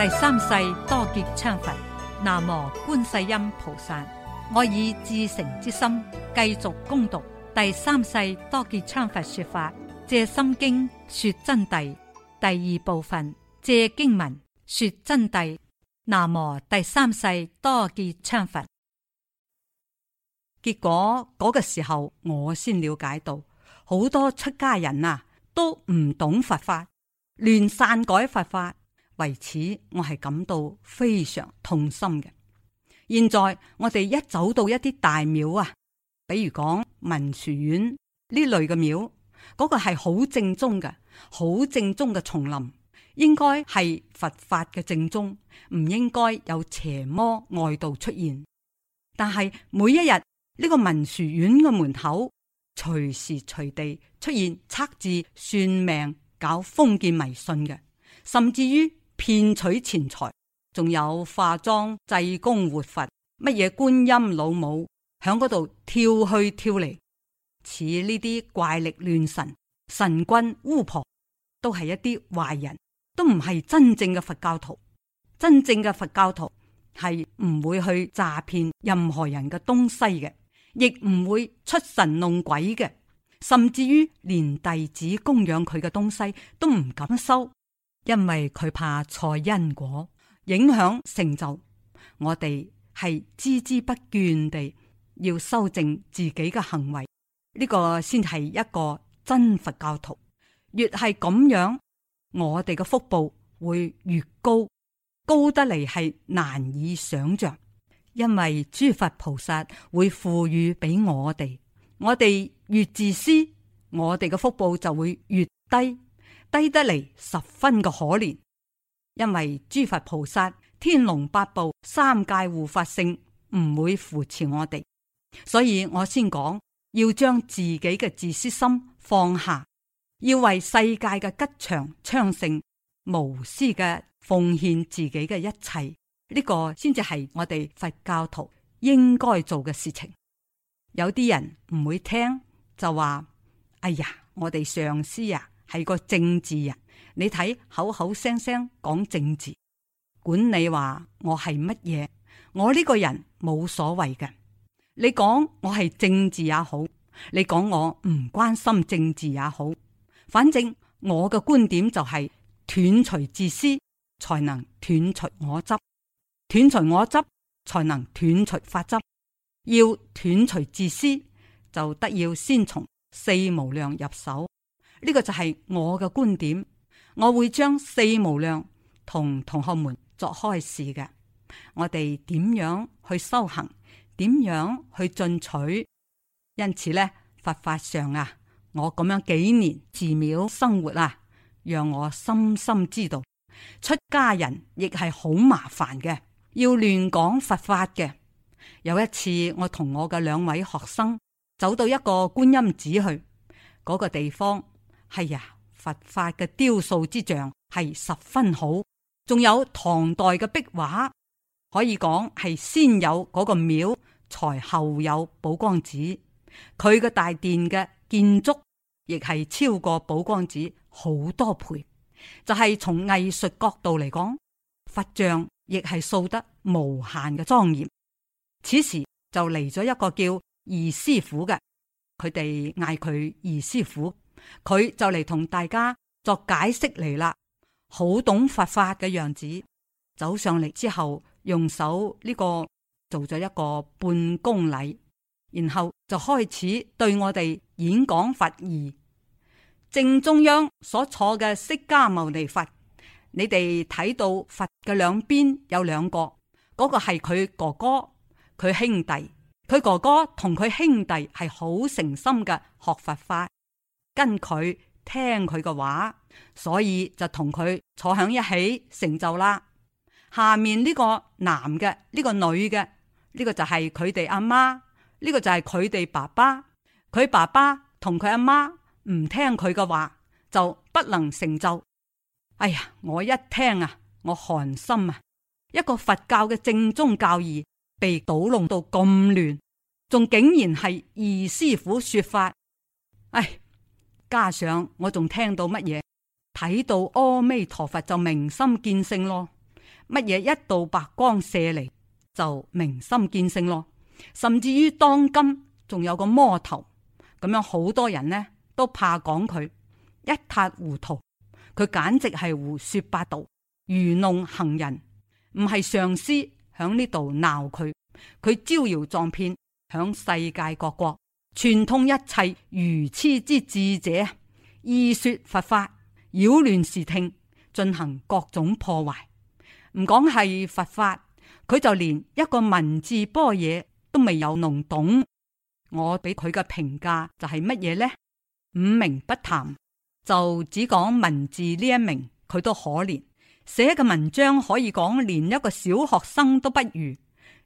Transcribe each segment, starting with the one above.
第三世多杰羌佛，南無觀世音菩薩。我以至誠之心繼續恭讀第三世多杰羌佛說法，借心經說真諦第二部分，借經文說真諦。南無第三世多杰羌佛。結果嗰個時候，我先了解到好多出家人啊，都唔懂佛法，亂散改佛法。為此，我係感到非常痛心嘅。現在我哋一走到一啲大廟啊，比如講文殊院呢類嘅廟，嗰個係好正宗嘅，好正宗嘅叢林，應該係佛法嘅正宗，唔應該有邪魔外道出現。但係每一日呢個文殊院嘅門口，隨時隨地出現測字、算命、搞封建迷信嘅，甚至於。騙取錢財，仲有化妝濟公活佛、乜嘢觀音老母，響嗰度跳去跳嚟，似呢啲怪力亂神、神棍、巫婆，都係一啲壞人，都唔係真正嘅佛教徒。真正嘅佛教徒係唔會去詐騙任何人嘅東西嘅，亦唔會出神弄鬼嘅，甚至於連弟子供養佢嘅東西都唔敢收。因為佢怕錯因果影響成就，我哋係孜孜不倦地要修正自己嘅行為，呢個先係一個真佛教徒。越係咁樣，我哋嘅福報會越高，高得嚟係難以想象。因為諸佛菩薩會賦予俾我哋，我哋越自私，我哋嘅福報就會越低。低得嚟十分嘅可憐，因為諸佛菩薩、天龍八部、三界護法聖唔會扶持我哋，所以我先講要將自己嘅自私心放下，要為世界嘅吉祥昌盛無私嘅奉獻自己嘅一切，呢個先至係我哋佛教徒應該做嘅事情。有啲人唔會聽就話：「哎呀，我哋上司呀。」係個政治人，你睇，口口聲聲講政治，管你話我係乜嘢，我呢個人冇所謂嘅。你講我係政治也好，你講我唔關心政治也好，反正我嘅觀點就係、是、斷除自私，才能斷除我執，斷除我執，才能斷除法執。要斷除自私，就得要先從四無量入手。呢個就係我嘅觀點，我會將四無量同同學們作開示嘅。我哋點樣去修行？點樣去進取？因此呢，佛法上啊，我咁樣幾年寺廟生活啊，讓我深深知道出家人亦係好麻煩嘅，要亂講佛法嘅。有一次，我同我嘅兩位學生走到一個觀音寺去嗰個地方。係、哎、呀，佛法嘅雕塑之像係十分好，仲有唐代嘅壁畫，可以講係先有嗰個廟，才後有寶光寺。佢嘅大殿嘅建築，亦係超過寶光寺好多倍。就係從藝術角度嚟講，佛像亦係塑得無限嘅莊嚴。此時就嚟咗一個叫二師父嘅，佢哋嗌佢二師父。佢就嚟同大家作解釋嚟啦，好懂佛法嘅樣子，走上嚟之後，用手呢、這個做咗一個半公禮，然後就開始對我哋演講佛義。正中央所坐嘅釋迦牟尼佛，你哋睇到佛嘅兩邊有兩個，嗰、那個係佢哥哥，佢兄弟，佢哥哥同佢兄弟係好誠心嘅學佛法，跟佢聽佢嘅話，所以就同佢坐響一起成就啦。下面呢個男嘅，呢個女嘅，呢個就係佢哋阿媽，呢個就係佢哋爸爸。佢爸爸同佢阿媽唔聽佢嘅話，就不能成就。哎呀，我一聽啊，我寒心啊！一個佛教嘅正宗教義被搗弄到咁亂，仲竟然係二師傅說法，哎！加上我仲聽到乜嘢，睇到阿彌陀佛就明心見性咯，乜嘢一道白光射嚟就明心見性咯，甚至於當今仲有個魔頭咁樣，好多人呢都怕講佢一塌糊塗，佢簡直係胡說八道，愚弄行人，唔係上師響呢度鬧佢，佢招搖撞騙響世界各國。串通一切愚癡之智者，意說佛法，擾亂視聽，進行各種破壞。唔講係佛法，佢就連一個文字般若都未有弄懂。我俾佢嘅評價就係乜嘢呢？五明不談，就只講文字呢一明，佢都可憐。寫嘅文章可以講連一個小學生都不如，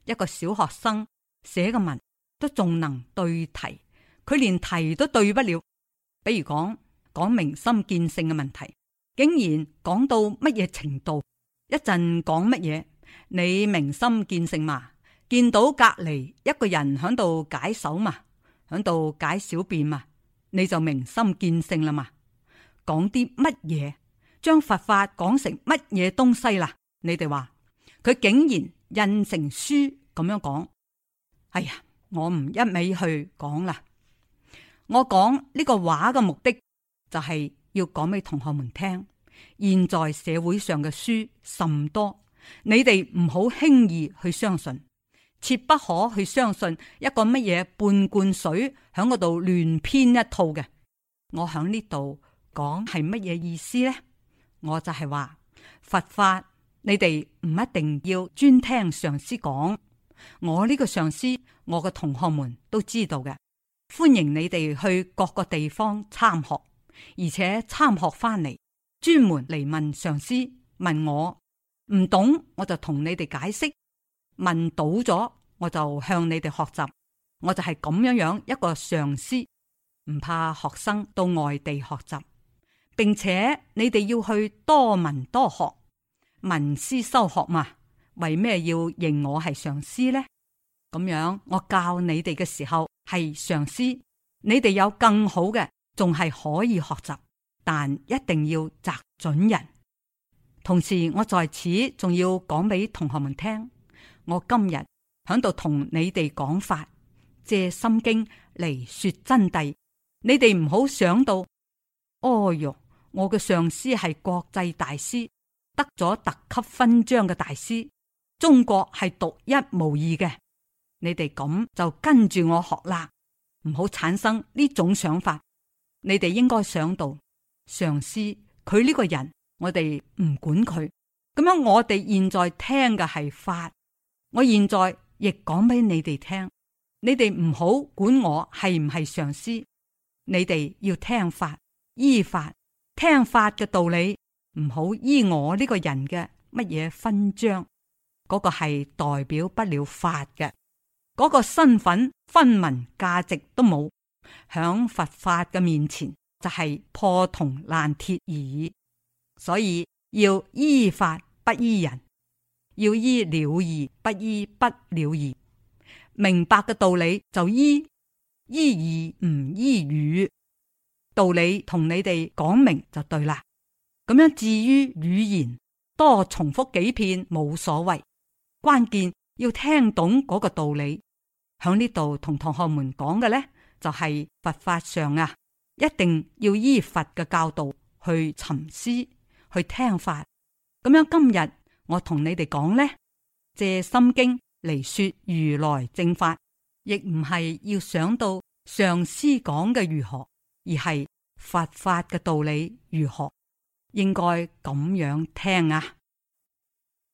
一個小學生寫嘅文。都仲能對題，佢連題都對不了。比如講講明心見性嘅問題，竟然講到乜嘢程度？一陣講乜嘢？你明心見性嘛？見到隔籬一個人喺度解手嘛？喺度解小便嘛？你就明心見性啦嘛？講啲乜嘢？將佛法講成乜嘢東西啦？你哋話，佢竟然印成書咁樣講。哎呀！我唔一味去講啦，我講呢個話嘅目的就係、是、要講俾同學們聽。現在社會上嘅書甚多，你哋唔好輕易去相信，切不可去相信一個乜嘢半罐水響嗰度亂編一套嘅。我響呢度講係乜嘢意思呢？我就係話佛法，你哋唔一定要專聽上師講。我呢個上師，我嘅同學們都知道嘅。歡迎你哋去各個地方參學，而且參學翻嚟，專門嚟問上師問我，唔懂我就同你哋解釋，問到咗我就向你哋學習，我就係咁樣樣一個上師，唔怕學生到外地學習，並且你哋要去多聞多學，聞思修學嘛。為咩要認我係上司呢？咁樣我教你哋嘅時候係上司，你哋有更好嘅，仲係可以學習，但一定要擇準人。同時，我在此仲要講俾同學們聽，我今日喺度同你哋講法，借《心經》嚟說真諦。你哋唔好想到，哦喲，我嘅上司係國際大師，得咗特級勳章嘅大師。中國係獨一無二嘅，你哋咁就跟住我學啦，唔好產生呢種想法。你哋應該想到上師佢呢個人，我哋唔管佢。咁樣我哋現在聽嘅係法，我現在亦講俾你哋聽。你哋唔好管我係唔係上師，你哋要聽法，依法聽法嘅道理，唔好依我呢個人嘅乜嘢勳章。嗰個係代表不了法嘅，嗰、這個身份、分文、價值都冇，響佛法嘅面前就係、是、破銅爛鐵而已。所以要依法不依人，要依了義不依不了義。明白嘅道理就依，依義唔依語。道理同你哋講明就對啦。咁樣至於語言，多重複幾遍冇所謂。關鍵要聽懂嗰個道理，喺呢度同同學們講嘅呢，就係、是、佛法上啊，一定要依佛嘅教導去沉思，去聽法。咁樣今日我同你哋講呢，借《心經》嚟說如來正法，亦唔係要想到上師講嘅如何，而係佛法嘅道理如何，應該咁樣聽啊。